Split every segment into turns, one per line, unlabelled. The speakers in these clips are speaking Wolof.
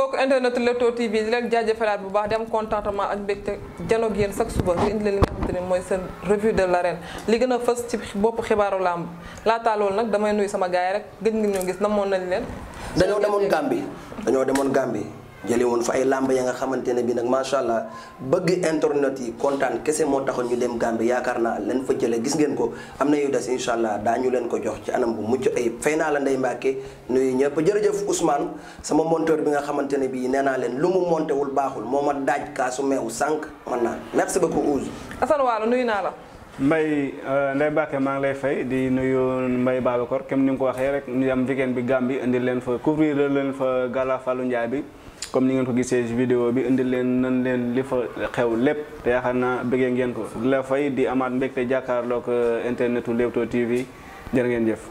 mbokk internet Leewtoo TV di leen jaajëfalaat bu baax di contentement ak mbégte janoog yéen chaque suba di indi leen li nga xamante ne mooy seen revue de la l'arène li gën a fës ci bopp xibaaru làmb laataa loolu nag damay nuyu sama gars yi rek gëj nga ñoo gis na namoon nañ leen. dañoo demoon Gambie
dañoo demoon Gambie. jële woon fa ay làmba ya nga xamante ne bi nag macha allah bëgg internet yi kontaan kese moo taxoon ñu dem Gambie yaakaar naa leen fa jële gis ngeen ko am na yu des incha allah daañu leen ko jox ci anam bu mucc ayib fay naa la Ndeye Mbacke ñëpp jërëjëf Ousmane sama monteur bi nga xamante ne bi nee naa leen lu mu monté wul baaxul moo ma daaj kaasu meew sànq man naa merci beaucoup Ouz
Assane
Waalo nuyu naa la
Mbay euh, Ndeye Mbacke maa ngi lay fay di nuyu Mbay Babacar comme ni nga ko waxee rek ñu am weekend bi Gambie indi leen fa couvrir leen fa gala Fallou Ndiaye bi comme ni ngeen ko gisee ci vidéo bi indi leen nan leen li fa xew lépp te yaakaar naa bëggee ngeen ko la fay di amaat mbégte jàkkaarloog euh, internetu Leewtoo TV jërë ngeen jëf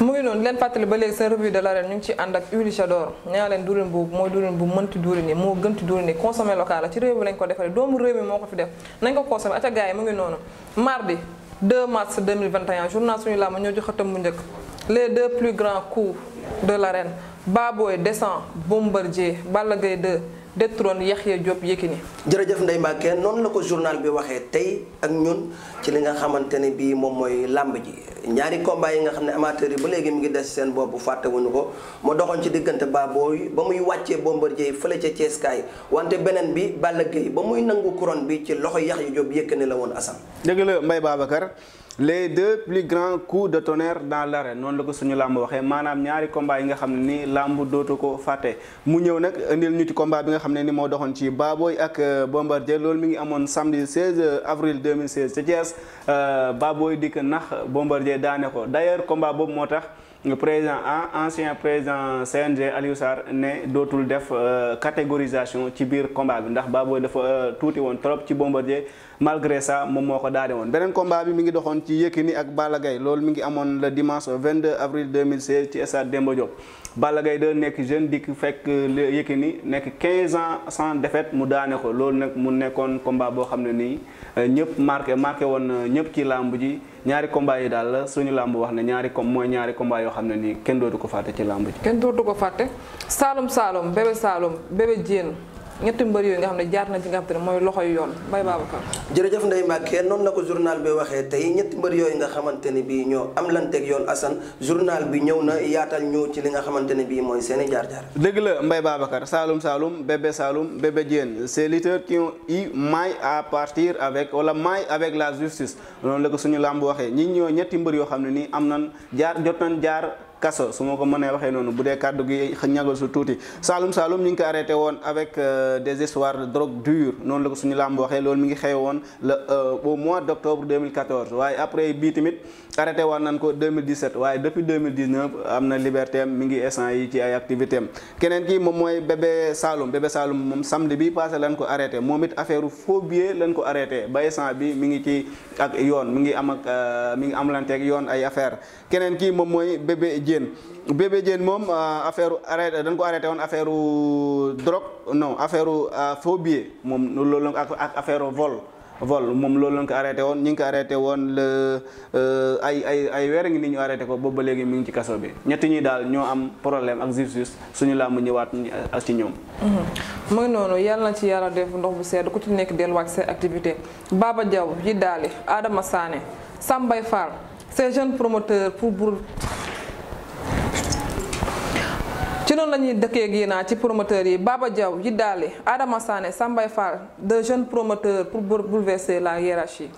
mu ngi noonu leen fàttali ba léegi seen revue de la l'arène ñu ngi ci ànd ak huile Jador ñaa leen durin boobu mooy durin bu mënti durini moo gënti durini consommé local la ci réew mi lañ ko defaree doomu réew mi moo ko fi def nañ ko consommé aca gars yi mu ngi noonu mardi 2 mars 2021 deux Baboy descend Bombardier Balla Gaye 2 détrône Yaxya Diop Yékini
jërëjëf Ndeye Mbacke noonu la ko journal bi waxee tey ak ñun ci li nga xamante ne bii moom mooy làmb ji ñaari combat yi nga xam ne amateur ba léegi mi ngi des seen bopp fàttewuñu ko mu doxoon ci diggante Baboy ba muy wàccee Bombardier fële ca Thiès kaay wante beneen bi Balla Gaye ba muy nangu couronne bi ci loxo jóob Diop Yékini la woon Assane.
dëgg la Mbaye Babacar. les deux plus grands coups de tonnerre dans l'arène noonu la ko suñu làmb waxee maanaam ñaari combat yi nga xam ne ni làmb dootu ko fàtte mu ñëw nag indil ñu ci combat bi nga xam ne ni moo doxoon ci Baboy ak euh, Bombardier loolu mi ngi amoon samedi 16 avril 2016 ci Thiès euh, Baboy dikk nax Bombardier daane ko d'ailleurs combat boobu moo tax président ancien président CNG Aliou Sarr ne dootul def euh, catégorisation ci biir combat bi ndax Baboy dafa euh, tuuti woon trop ci bomba Bombardier malgré ça moom moo ko daane woon. beneen combat bi mi ngi doxoon ci ni ak Balla Gaye loolu mi ngi amoon le dimanche 22 avril 2016 ci stade Demba Diop Balla Gaye da nekk jeune dikk fekk euh, ni nekk 15 ans sans défaite mu daane ko loolu nag mu nekkoon combat boo xam ne nii ñëpp marqué marqué woon ñëpp ki làmb ji ñaari combat yi daal suñu làmb wax ne ñaari com ñaari combat xam ne nii kenn dootu ko fàtte ci làmb ji.
kenn dootu ko fàtte Saalum Saalum bébé Saalum bébé Diène ñetti mbër yooyu nga xam ne jaar na ci nga xam ne mooy loxo yoon yoon Mbaye Babacar jërëjëf Ndeye
Mbacke noon na ko journal bi waxee tey ñetti mbër yooyu nga xamante ne bii ñoo am lanteeg yoon Assane journal bi ñëw na yaatal ñu ci li nga xamante ne bii mooy seeni jaar-jaar
dëgg la mbay Babacar Saloum saalum bébé Saloum bébé Diène ces lutteurs qui ont eu maille à partir avec wala maille avec la justice noonu la ko suñu làmb waxee ñi ñoo ñetti mbër yoo xam ne nii am nan jaar jot nan jaar kaso su ma ko mënee waxee noonu bu dee kàddu gi ñagal su tuuti Saalum Saalum ñu ngi ko arrêté woon avec euh, des histoires de drogue dure noonu la ko suñu làmb waxee loolu mi ngi xew woon le euh, au mois d' waaye après bii tamit arrêté woon nañ ko waaye depuis am na liberté am ngi instant yi ci ay activité keneen ki moom mooy bébé Saalum bébé Saalum moom samedi bi passé lañ ko arrêté moom it affaire faux billet lañ ko arrêté ba instant bi mi ngi ci ak yoon mi ngi am ak euh, mi ngi amlanteeg yoon ay affaire Diène bébé Diène moom euh, affaire arrêté dañ ko arrêté woon affaire drogue non affaire faux euh, moom loolu ak ak vol. moom loolu lañ ko woon ñu ngi ko woon le euh, ay ay ay ngi ni ñu arrêté ko boobu ba léegi mi ngi ci kaso bi ñetti ñi daal ñoo am problème ak justice suñu làmb ñëwaat ak ci ñoom.
Mm-hmm. mu ngi noonu yàlla na ci yàlla def ndox bu sedd ku ci nekk delluwaat seen activité Baba Diaw yi daali Adama Sané Sambay Fall ces jeunes promoteurs pour pour. noonu la ñuy dëkkee Guinaa ci promoteurs yi Baba jaw yi daale Adama Sané Sambay Fall de jeunes promoteurs pour bouleverser la hiérarchie.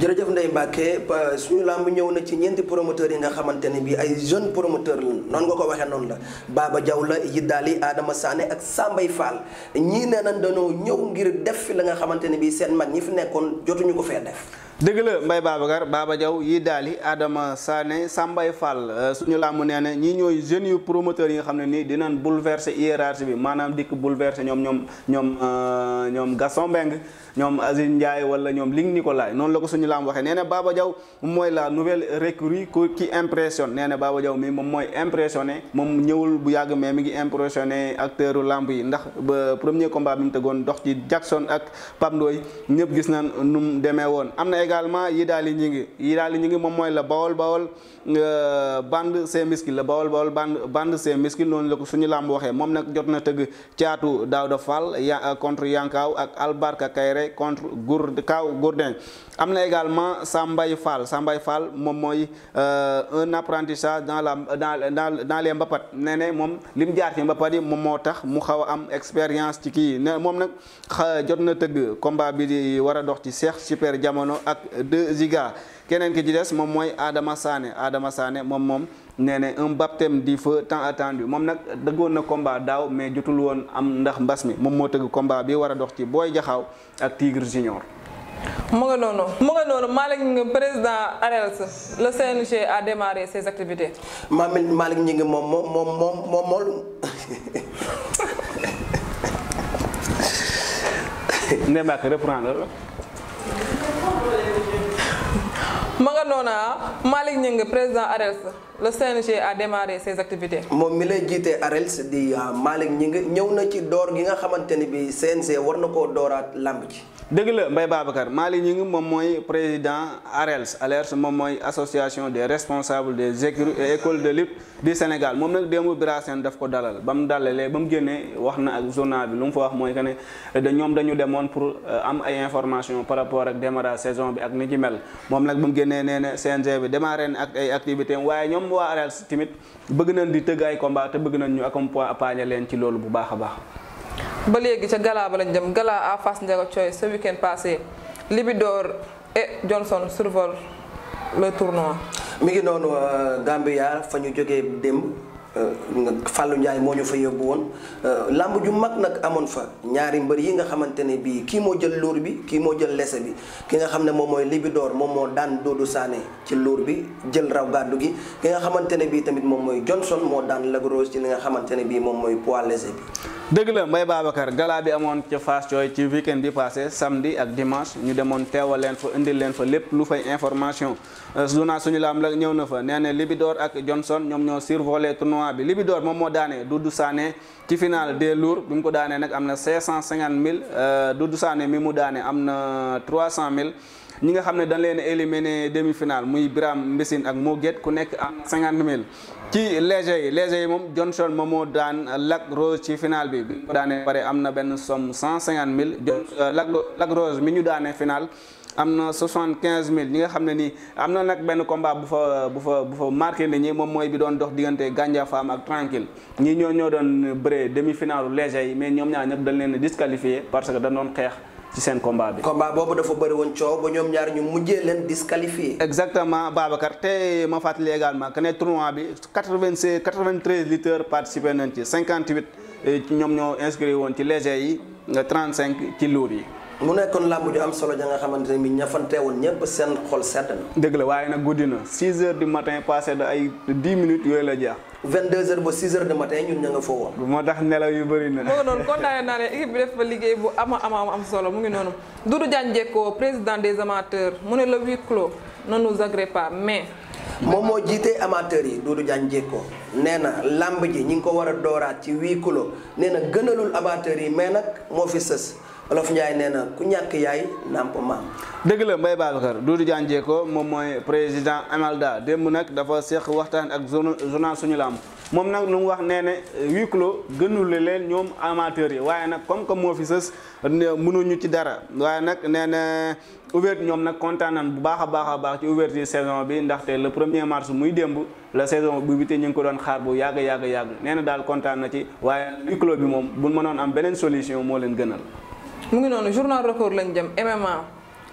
jërëjëf Ndeye Mbacke suñu lamb ñëw na ci ñeenti promoteurs yi nga xamante ne bii ay jeunes promoteurs la noonu nga ko waxee noonu la baaba jaw la yi daali Adama Sané ak Sambay Fall ñii nee nañ dañoo ñëw ngir def fi la nga xamante ne bii seen mag ñi fi nekkoon jotuñu ko fee def.
dëgg la Mbaye Babacar Baba Diaw yi daali Adama Sané Sambay Fall euh, suñu làmb nee na ñii ñooy jeunes yu promoteurs yi nga xam ne nii dinañ bouleverser hiérarchie bi maanaam dikk bouleverser ñoom ñoom ñoom euh, ñoom Gaston Mbengue ñoom Aziz Ndiaye wala ñoom Ligue Nicolas noonu la ko suñu làmb waxee nee na Baba Diaw mooy la nouvelle recrue qui impressionne nee na Baba Diaw mi moom mooy impressionné moom ñëwul bu yàgg mais mi ngi impressionné acteuru làmb yi ndax ba premier combat bi mu tëggoon dox ci Jackson ak Pape Ndoye ñëpp gis nañ nu mu également yi daal yi ñi ngi yi daal yi ñi ngi moom mooy la bawol bawol euh, bande ses miskil la bawol bawol bande bande miskil noonu la ko suñu làmb waxee moom nag jot na tëgg caatu Daouda Fall ya contre Yankaaw ak Albarka Kayre contre Gour Kaw Gourdin am na également Sambay Fall Sambay Fall moom mooy euh, un apprentissage dans la dans dans les mbapat nee ne moom li mu jaar ci mbapat yi moom moo tax mu xaw a am expérience ci kii ne moom nag jot na tëgg combat bi di war a ak 2 giga keneen ki ci des moom mooy Adama Sané Adama Sané moom moom nee ne un baptême du feu tant attendu moom nag dëggoon na combat daaw mais jotul woon am ndax mbas mi moom moo tëgg combat bi war a dox ci booy jaxaw ak Tigre Junior.
mu nga noonu mu nga noonu Malick Ngingue président ARELS le CNG a démarré ses activités.
Mamel Malick Ngingue moom moom moom moom moom moom.
Ndeye Mbacke reprendre.
ma nga noonu ah Malick président ARELS le CNG a démarré ses activités.
moom mi lay jiite ARELS di euh, Malick Gningue ñëw na ci door gi nga xamante ni bi CNG war na koo dooraat làmb ci
dëgg la Mbaye Babacar Malick Gningue moom mooy président ARELS ARELS moom mooy association des responsables des écoles de lutte du Sénégal moom nag démb Birasène daf ko dalal ba mu dalalee ba mu génnee wax na ak journal bi nu mu fa wax mooy que ne da ñoom dañu demoon pour euh, am ay information par rapport ak démarrage saison bi ak ni ci ne ne ne CNG bi démarré na ak ay activité waaye ñoom waa AREELS tamit bëgg nañ di tëgg ay combat te bëgg nañ ñu accompagner leen ci loolu bu baax a baax.
ba léegi ca gala ba lañ jëm gala a Fass Ndiaga Thioye ce week-end passé Libidor et Johnson survole
le tournoi. mi ngi noonu euh, Gambia fa ñu jógee démb. Euh, Fallou Ndiaye moo ñu fa yóbbu woon euh, làmb ju mag nag amoon fa ñaari mbër yi nga xamante ne bii kii moo jël luur bi kii moo jël lese bi ki nga xam ne moom mooy Libidoor moom moo daan Dodo Sané ci luur bi jël raw gàddu gi ki nga xamante ne bii tamit moom mooy Johnson moo daan Lagrose ci li nga xamante ne bii moom mooy poids lese bi.
dëgg la Mbaye Babacar gala bi amoon ca Fass Thioye ci weekend bi passé samedi ak dimanche ñu demoon teewal leen fa indil leen fa lépp lu fay information euh, naa suñu lamb la ñëw na fa nee na Libidor ak Johnson ñoom ñoo survolé tournoi bi Libidor moom moo daane du Sané ci final des lourds bi mu ko daanee nag am na 550 du du Sané mi mu daanee am na 300 000 ñi nga xam ne dañ leen éliminé demi finale muy Birame Mbissine ak Mo Gates ku nekk am cinquante mille ci léger yi léger yi moom Johnson moom moo daan Lac Rose ci final bi bi ko daanee pare am na benn somme cent cinquante mille euh, Lac Rose mi ñu daanee final am na soixante quinze mille ñi nga xam ne nii am na nag benn combat bu fa bu fa bu fa marqué nit ñi moom mooy bi doon dox diggante Gandia Fam ak Tranquille ñi ñoo ñoo doon bëree demi finalu léger yi mais ñoom ñaar ñëpp dañ leen disqualifié que dañ doon ci seen combat bi. combat boobu dafa bëri woon coow ba ñoom ñaar ñu mujjee leen disqualifié. exactement Babacar te ma fàttali également que ne tournoi bi 96 93 lutteurs participé nañ ci 58 eh, ñoom ñoo inscrit woon ci léger yi 35 ci lourd yi. mu nekkoon laa ju am solo ja nga xamante ne bii ñafante woon ñëpp seen xol sedd na. dëgg la waaye nag guddi na 6 heures du matin passé de ay 10 minutes yooyu la jeex. 22 heures ba 6 heures de matin ñun ña nga foo woon. moo tax nelaw yu bëri na. moo noonu
kontaanee naa ne équipe bi def fa liggéey bu ama ama am solo mu ngi noonu Doudou Diagne Diecko président des amateurs mu ne la huis clos noonu nous agrée pas mais.
moom moo jiitee amateurs yi Doudou Diagne Diecko nee na làmb ji ñi ngi ko war a dooraat ci huis clos nee na gënalul amateurs yi mais nag moo fi sës. olof Ndiaye nee na ku ñàkk yaay nàmp ma
dëgg la Mbaye Babacar Doudou Diagne Diécko moom mooy président Amalda démb nag dafa seq waxtaan ak journal suñu lamb moom nag lu mu wax nee ne huis clos gënul leen ñoom amateurs yi waaye nag comme que moo fi sës mënuñu ci dara waaye nag nee na ouverture ñoom nag kontaan bu baax a baax a baax ci ouverture saison bi ndaxte le premier mars muy démb la saison bu bi ñu ngi ko doon xaar bu yàgg yàgg yàgg nee na daal kontaan na ci waaye huis bi moom bu mënoon am beneen solution moo leen gënal.
mu ngi noonu journal record lañ jëm MMA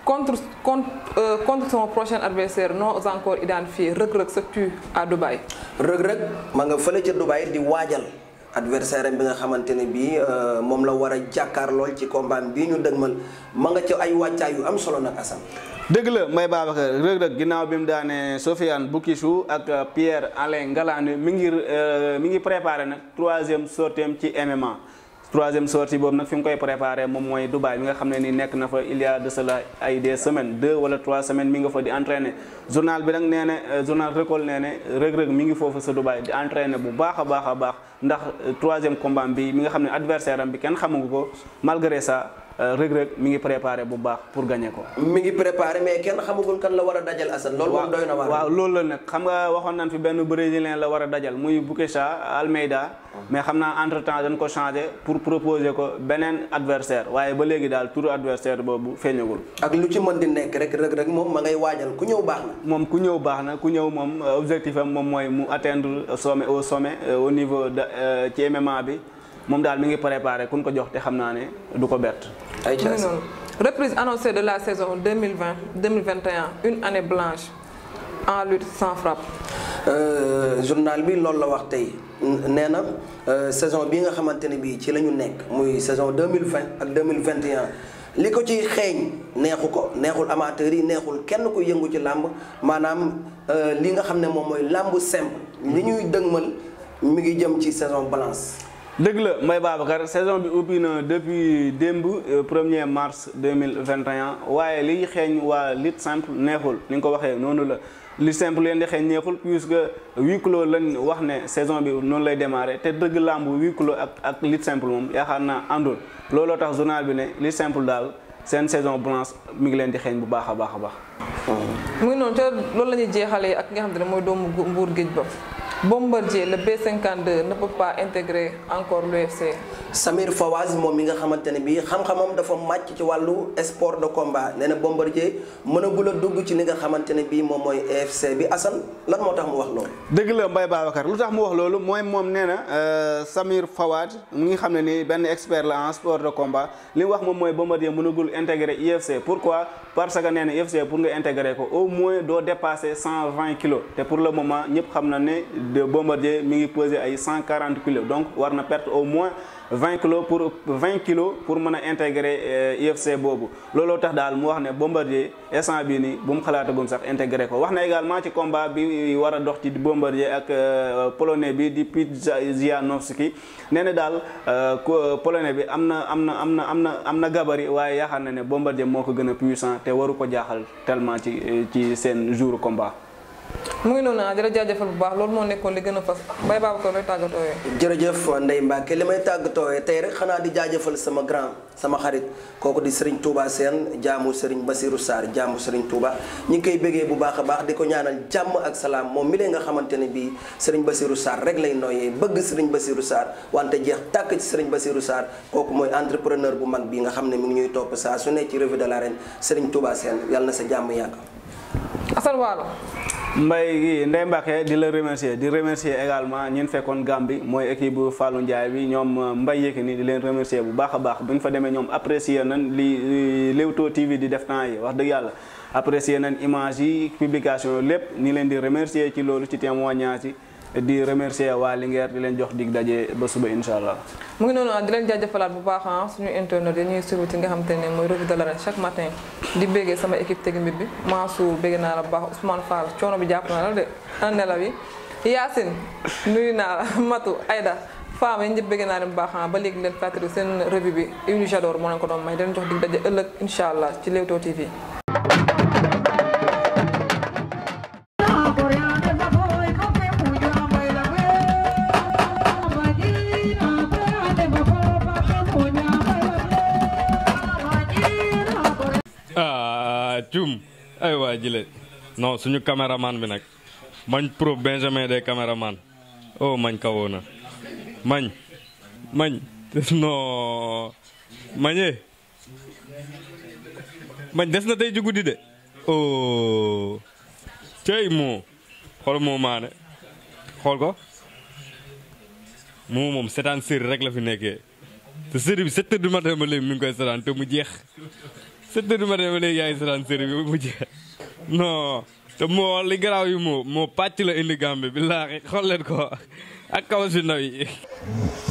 contre contre euh, contre son prochain adversaire no encore identifié Reug Reug se tue à Dubaï.
Reug Reug ma nga fële ca Dubaï di waajal adversaire bi nga xamante ne bii euh, moom la war a jàkkaar lool ci combat bii ñu dëgmal ma nga ca ay wàccaay yu am solo nag Assane.
dëgg la may Babacar Reug Reug ginnaaw bi mu daane Sofiane Boukissou ak euh, Pierre Alain mi ngi mi ngi préparé nag troisième sortie ci MMA. troisième sortie boobu nag fi mu koy préparé moom mooy Dubaï mi nga xam ne ni nekk na fa il y a de cela ay des semaines deux wala trois semaines mi nga fa di entraîné journal bi nag nee na euh, journal Record nee na Reug Reug mi ngi foofu sa Dubaï di entraîné bu baax a baax a baax ndax euh, troisième combat bi mi nga xam ne adversaire am bi kenn xamu ko malgré sa Euh, rëg-rëg mi ngi préparé bu baax pour gagner ko. mi ngi préparé
mais kenn xamagul kan la war a dajal Assane. loolu moom doy
na waar. waaw loolu la nag xam nga waxoon nañ fi benn brésilien la war a dajal muy Bukesa Almeida. mais xam naa entre temps dañ ko changé pour proposer ko beneen adversaire waaye ba léegi daal turu adversaire boobu feeñagul. ak lu ci mën di nekk rek rek rëg moom ma ngay waajal ku ñëw baax na. moom ku ñëw baax na ku ñëw moom euh, objectif am moom mooy mu atteindre sommet au sommet euh, au niveau de ci bi. moom daal mi ngi préparé ku ñu ko jox te xam naa ne du ko bett. ay noonu
reprise annoncée de la saison 2020 2021 une année blanche en lutte sans frappe.
Euh, journal
bi loolu la wax tey nee na euh, saison bi nga xamante ne bii ci la ñu nekk muy saison 2020 ak 2021. li ko ci xeeñ neexu ko neexul amateur yi neexul kenn ku yëngu ci làmb maanaam euh, li nga xam ne moom mooy làmb simple li ñuy dëgmal mi ngi jëm ci saison balance
dëgg la Mbaye Babacar saison bi ubbi na depuis démb 1er euh, mars 2021 waaye liy xeeñ waa lutte simple neexul ni nga ko waxee noonu la lutte simple leen di xeeñ neexul puisque huis clos lañ wax ne saison bi noonu lay démarrer te dëgg làmb huis clos ak ak lutte simple moom yaakaar naa àndul looloo tax journal bi ne lutte simple daal seen saison blanche mu ngi leen di xeeñ bu baax a baax a baax.
muy la jeexalee ak nga xam ne mooy doomu mbuur géej ba. Bombardier, le B-52, ne peut pas intégrer encore l'UFC Samir Fawaz
moom mi nga xamante ne bii xam-xamam dafa màcc ci wàllu sport de combat nee na Bombardier mënagul a dugg ci li nga xamante ne bii moom mooy EFC bi Assane la moo tax mu wax loolu.
dëgg la Mbaye Babacar lu tax mu wax loolu mooy moom nee na euh, Samir Fawaz mu ngi xam ne ni benn expert la en sport de combat li wax ma mooy Bombardier mënagul intégrer IFC pourquoi parce que nee na IFC pour nga intégrer ko au moins doo dépasser cent vingt kilos te pour le moment ñëpp xam na ne de Bombardier mi ngi peser ay cent quarante kilos donc war na perte au moins. 20 kilos pour 20 kilos pour mën a intégrer UFC euh, boobu looloo tax daal mu wax ne Bombardier essant bii nii bu mu xalaatagum sax intégré ko wax na également ci combat bi war dox ci Bombardier ak euh, polonais bi di Pudzianowski nee na daal euh, polonais bi am na am na am na am na am na gabari waaye yaakaar na ne Bombardier moo ko gën a puissant te waru ko jaaxal tellement ci ci seen jour combat. mu ngi noonu ah di la
bu baax loolu moo nekkoon li
gën a fas bay Babacar looy tàggatooyee. jërëjëf ndey Mbacke li may tàggatooyee tey rek xanaa di jaajëfal sama grand sama xarit kooku di Serigne Touba seen jaamu Serigne Bassirou saar jaamu Serigne Touba ñu koy bëggee bu baax a baax di ko ñaanal jàmm ak salaam moom mi lee nga xamante ne bii Serigne Bassirou Sarr rek lay noyyee bëgg Serigne Bassirou Sarr wante jeex tàkk ci Serigne Bassirou Sarr kooku mooy entrepreneur bu mag bi nga xam ne mi ngi ñuy topp saa su ci revue de l'arène Serigne Touba Sène yàlla na sa jàmm
yàgg. Assane mbay gi Ndeye Mbacke di la remercier di remercier également ñun fekkoon Gambie mooy équipe bu Fallou bi ñoom euh, Mbaye Yékini di leen remercier bu baax a baax bu ñu fa demee ñoom apprécier nañ li Leewtoo TV di def temps yi wax dëgg yàlla apprécier nañ image yi publication lépp ñu leen di remercier ci loolu ci témoignage yi di remercier waa Linguère di leen jox dig daje ba suba incha allah.
mu ngi noonu ah, di leen jaajëfalaat bu baax ah suñu internet yi ñuy suivre ci nga xamante ne mooy revue de l'arène chaque matin di béggee sama équipe technique bi Mansour bégg naa la bu baax Ousmane Fall coono bi jàpp na la de un ah, élève yi Yacine nuyu naa la Matou Aïda femme yi ñëpp bégg naa leen bu baax ah, ba léegi leen fàttali seen revue bi Ibou Jador moo leen ko doon may di leen jox dig daje ëllëg incha allah ci Leewtoo TV.
cuum ay waa jile non suñu caméraman bi nag mañ pro benjamin des caméraman oh mañ kawoo na mañ mañ non mañee mañ des na tey ci guddi de oh cey moo xool moo maane xool ko moo moom seetaan série rek la fi nekkee te série bi sept heures du matin ba léegi mi ngi koy seetaan te mu jeex sept heures du matin ba léegi bi mu jeex non moo li yi moo moo pàcc la indi Gambie bi laaxi xool leen ko ak si ndaw